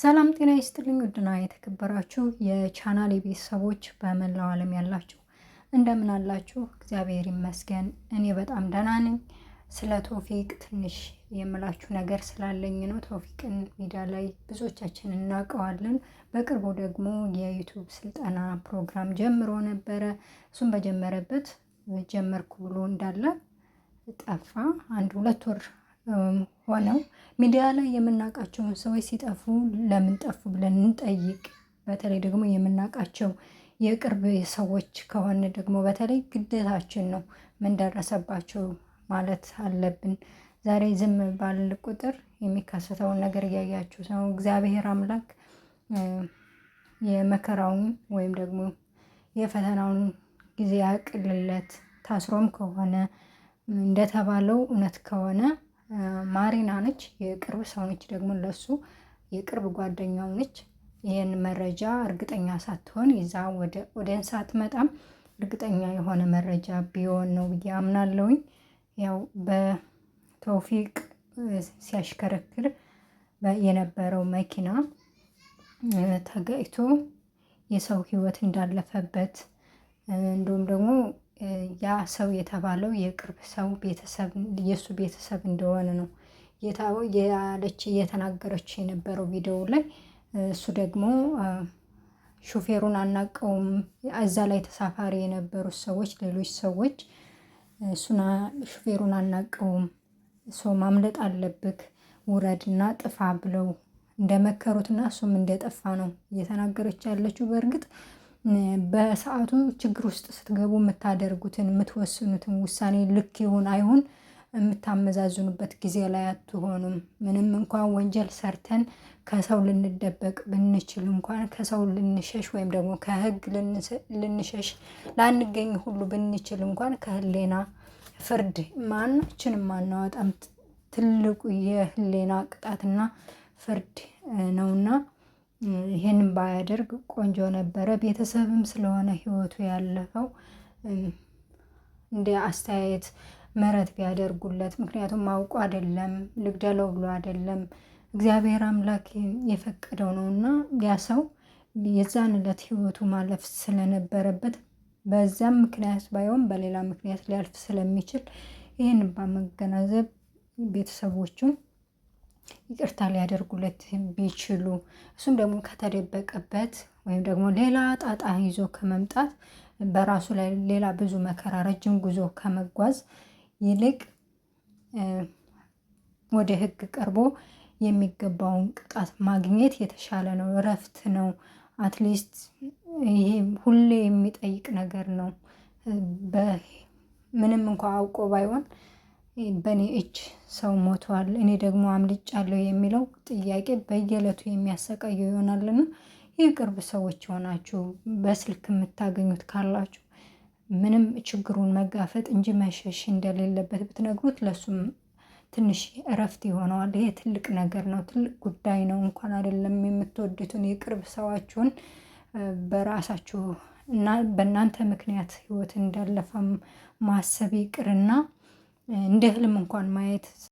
ሰላም ጤና ይስጥልኝ። ውድና የተከበራችሁ የቻናል ቤተሰቦች በመላው ዓለም ያላችሁ እንደምን አላችሁ? እግዚአብሔር ይመስገን እኔ በጣም ደህና ነኝ። ስለ ቶፊቅ ትንሽ የምላችሁ ነገር ስላለኝ ነው። ቶፊቅን ሚዲያ ላይ ብዙዎቻችን እናውቀዋለን። በቅርቡ ደግሞ የዩቱብ ስልጠና ፕሮግራም ጀምሮ ነበረ። እሱም በጀመረበት ጀመርኩ ብሎ እንዳለ ጠፋ። አንድ ሁለት ወር ሆነው ሚዲያ ላይ የምናውቃቸውን ሰዎች ሲጠፉ ለምን ጠፉ ብለን እንጠይቅ። በተለይ ደግሞ የምናውቃቸው የቅርብ ሰዎች ከሆነ ደግሞ በተለይ ግዴታችን ነው ምን ደረሰባቸው ማለት አለብን። ዛሬ ዝም ባል ቁጥር የሚከሰተውን ነገር እያያችሁ ነው። እግዚአብሔር አምላክ የመከራውን ወይም ደግሞ የፈተናውን ጊዜ ያቅልለት። ታስሮም ከሆነ እንደተባለው እውነት ከሆነ ማሪና ነች። የቅርብ ሰው ነች፣ ደግሞ ለሱ የቅርብ ጓደኛው ነች። ይህን መረጃ እርግጠኛ ሳትሆን ይዛ ወደ እንሳት መጣም እርግጠኛ የሆነ መረጃ ቢሆን ነው ብዬ አምናለሁኝ። ያው በተውፊቅ ሲያሽከረክር የነበረው መኪና ተጋጭቶ የሰው ህይወት እንዳለፈበት እንዲሁም ደግሞ ያ ሰው የተባለው የቅርብ ሰው ቤተሰብ የእሱ ቤተሰብ እንደሆነ ነው ያለች እየተናገረች የነበረው ቪዲዮ ላይ። እሱ ደግሞ ሹፌሩን አናቀውም፣ እዛ ላይ ተሳፋሪ የነበሩት ሰዎች ሌሎች ሰዎች እሱና ሹፌሩን አናቀውም፣ ሰው ማምለጥ አለብክ፣ ውረድና ጥፋ ብለው እንደመከሩትና እሱም እንደጠፋ ነው እየተናገረች ያለችው በእርግጥ በሰዓቱ ችግር ውስጥ ስትገቡ የምታደርጉትን የምትወስኑትን ውሳኔ ልክ ይሁን አይሁን የምታመዛዝኑበት ጊዜ ላይ አትሆኑም። ምንም እንኳን ወንጀል ሰርተን ከሰው ልንደበቅ ብንችል እንኳን ከሰው ልንሸሽ ወይም ደግሞ ከሕግ ልንሸሽ ላንገኝ ሁሉ ብንችል እንኳን ከህሌና ፍርድ ማናችንም ማናወጣም ትልቁ የህሌና ቅጣትና ፍርድ ነውና ይህንን ባያደርግ ቆንጆ ነበረ። ቤተሰብም ስለሆነ ህይወቱ ያለፈው እንደ አስተያየት ምሕረት ቢያደርጉለት። ምክንያቱም አውቁ አይደለም ልግደለው ብሎ አይደለም እግዚአብሔር አምላክ የፈቀደው ነው እና ያ ሰው የዛን ዕለት ህይወቱ ማለፍ ስለነበረበት በዛም ምክንያት ባይሆን በሌላ ምክንያት ሊያልፍ ስለሚችል ይህን በመገናዘብ ቤተሰቦቹም ይቅርታ ሊያደርጉለት ቢችሉ እሱም ደግሞ ከተደበቀበት ወይም ደግሞ ሌላ ጣጣ ይዞ ከመምጣት በራሱ ላይ ሌላ ብዙ መከራ ረጅም ጉዞ ከመጓዝ ይልቅ ወደ ሕግ ቀርቦ የሚገባውን ቅጣት ማግኘት የተሻለ ነው። እረፍት ነው። አትሊስት ይሄ ሁሌ የሚጠይቅ ነገር ነው። ምንም እንኳ አውቆ ባይሆን በእኔ እጅ ሰው ሞቷል፣ እኔ ደግሞ አምልጫለሁ የሚለው ጥያቄ በየዕለቱ የሚያሰቃየው ይሆናልና የቅርብ ሰዎች የሆናችሁ በስልክ የምታገኙት ካላችሁ ምንም ችግሩን መጋፈጥ እንጂ መሸሽ እንደሌለበት ብትነግሩት ለሱም ትንሽ እረፍት ይሆነዋል። ይሄ ትልቅ ነገር ነው፣ ትልቅ ጉዳይ ነው። እንኳን አይደለም የምትወዱትን የቅርብ ሰዋችሁን በራሳችሁ እና በእናንተ ምክንያት ህይወት እንዳለፈ ማሰብ ይቅርና እንደ ህልም እንኳን ማየት